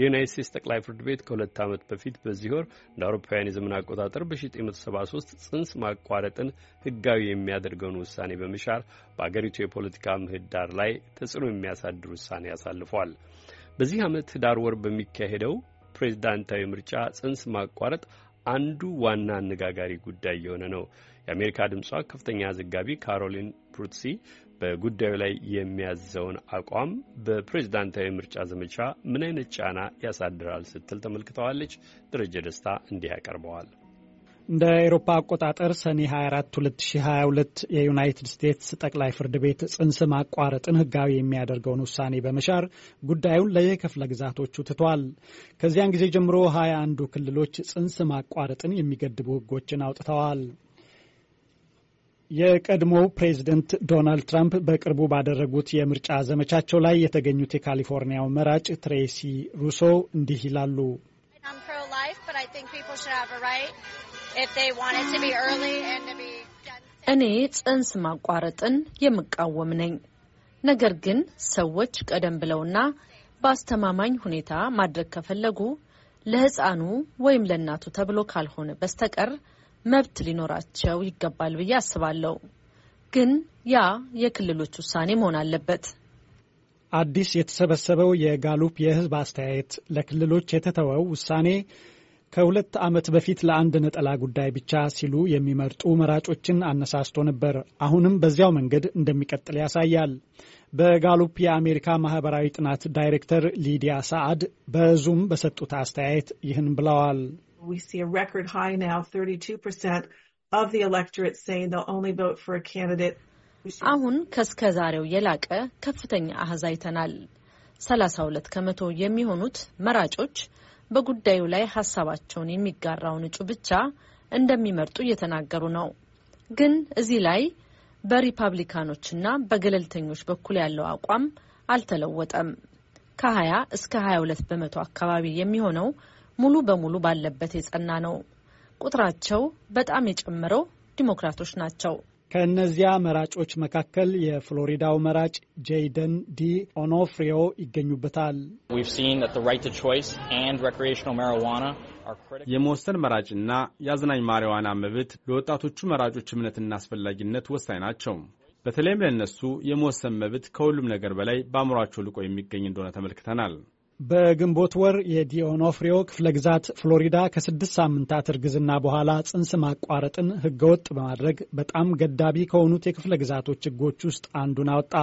የዩናይት ስቴትስ ጠቅላይ ፍርድ ቤት ከሁለት ዓመት በፊት በዚህ ወር እንደ አውሮፓውያን የዘመን አቆጣጠር በ1973 ጽንስ ማቋረጥን ህጋዊ የሚያደርገውን ውሳኔ በመሻር በአገሪቱ የፖለቲካ ምህዳር ላይ ተጽዕኖ የሚያሳድር ውሳኔ አሳልፏል። በዚህ ዓመት ህዳር ወር በሚካሄደው ፕሬዚዳንታዊ ምርጫ ጽንስ ማቋረጥ አንዱ ዋና አነጋጋሪ ጉዳይ የሆነ ነው። የአሜሪካ ድምጿ ከፍተኛ ዘጋቢ ካሮሊን ፕሩትሲ በጉዳዩ ላይ የሚያዘውን አቋም በፕሬዝዳንታዊ ምርጫ ዘመቻ ምን አይነት ጫና ያሳድራል ስትል ተመልክተዋለች። ደረጀ ደስታ እንዲህ ያቀርበዋል። እንደ አውሮፓ አቆጣጠር ሰኔ 24 2022 የዩናይትድ ስቴትስ ጠቅላይ ፍርድ ቤት ጽንስ ማቋረጥን ሕጋዊ የሚያደርገውን ውሳኔ በመሻር ጉዳዩን ለየክፍለ ግዛቶቹ ትቷል። ከዚያን ጊዜ ጀምሮ 21 አንዱ ክልሎች ጽንስ ማቋረጥን የሚገድቡ ሕጎችን አውጥተዋል። የቀድሞው ፕሬዚደንት ዶናልድ ትራምፕ በቅርቡ ባደረጉት የምርጫ ዘመቻቸው ላይ የተገኙት የካሊፎርኒያው መራጭ ትሬሲ ሩሶ እንዲህ ይላሉ። እኔ ጽንስ ማቋረጥን የምቃወም ነኝ። ነገር ግን ሰዎች ቀደም ብለውና በአስተማማኝ ሁኔታ ማድረግ ከፈለጉ ለሕፃኑ ወይም ለእናቱ ተብሎ ካልሆነ በስተቀር መብት ሊኖራቸው ይገባል ብዬ አስባለሁ። ግን ያ የክልሎች ውሳኔ መሆን አለበት። አዲስ የተሰበሰበው የጋሉፕ የሕዝብ አስተያየት ለክልሎች የተተወው ውሳኔ ከሁለት ዓመት በፊት ለአንድ ነጠላ ጉዳይ ብቻ ሲሉ የሚመርጡ መራጮችን አነሳስቶ ነበር። አሁንም በዚያው መንገድ እንደሚቀጥል ያሳያል። በጋሉፕ የአሜሪካ ማህበራዊ ጥናት ዳይሬክተር ሊዲያ ሰዓድ በዙም በሰጡት አስተያየት ይህን ብለዋል። አሁን ከእስከ ዛሬው የላቀ ከፍተኛ አህዛ አይተናል። 32 ከመቶ የሚሆኑት መራጮች በጉዳዩ ላይ ሀሳባቸውን የሚጋራውን እጩ ብቻ እንደሚመርጡ እየተናገሩ ነው። ግን እዚህ ላይ በሪፐብሊካኖችና በገለልተኞች በኩል ያለው አቋም አልተለወጠም። ከ20 እስከ 22 በመቶ አካባቢ የሚሆነው ሙሉ በሙሉ ባለበት የጸና ነው። ቁጥራቸው በጣም የጨመረው ዲሞክራቶች ናቸው። ከእነዚያ መራጮች መካከል የፍሎሪዳው መራጭ ጄይደን ዲ ኦኖፍሪዮ ይገኙበታል። የመወሰን መራጭና የአዝናኝ ማሪዋና መብት ለወጣቶቹ መራጮች እምነትና አስፈላጊነት ወሳኝ ናቸው። በተለይም ለእነሱ የመወሰን መብት ከሁሉም ነገር በላይ በአእምሯቸው ልቆ የሚገኝ እንደሆነ ተመልክተናል። በግንቦት ወር የዲኦኖፍሪዮ ክፍለ ግዛት ፍሎሪዳ ከስድስት ሳምንታት እርግዝና በኋላ ጽንስ ማቋረጥን ህገወጥ በማድረግ በጣም ገዳቢ ከሆኑት የክፍለ ግዛቶች ህጎች ውስጥ አንዱን አወጣ።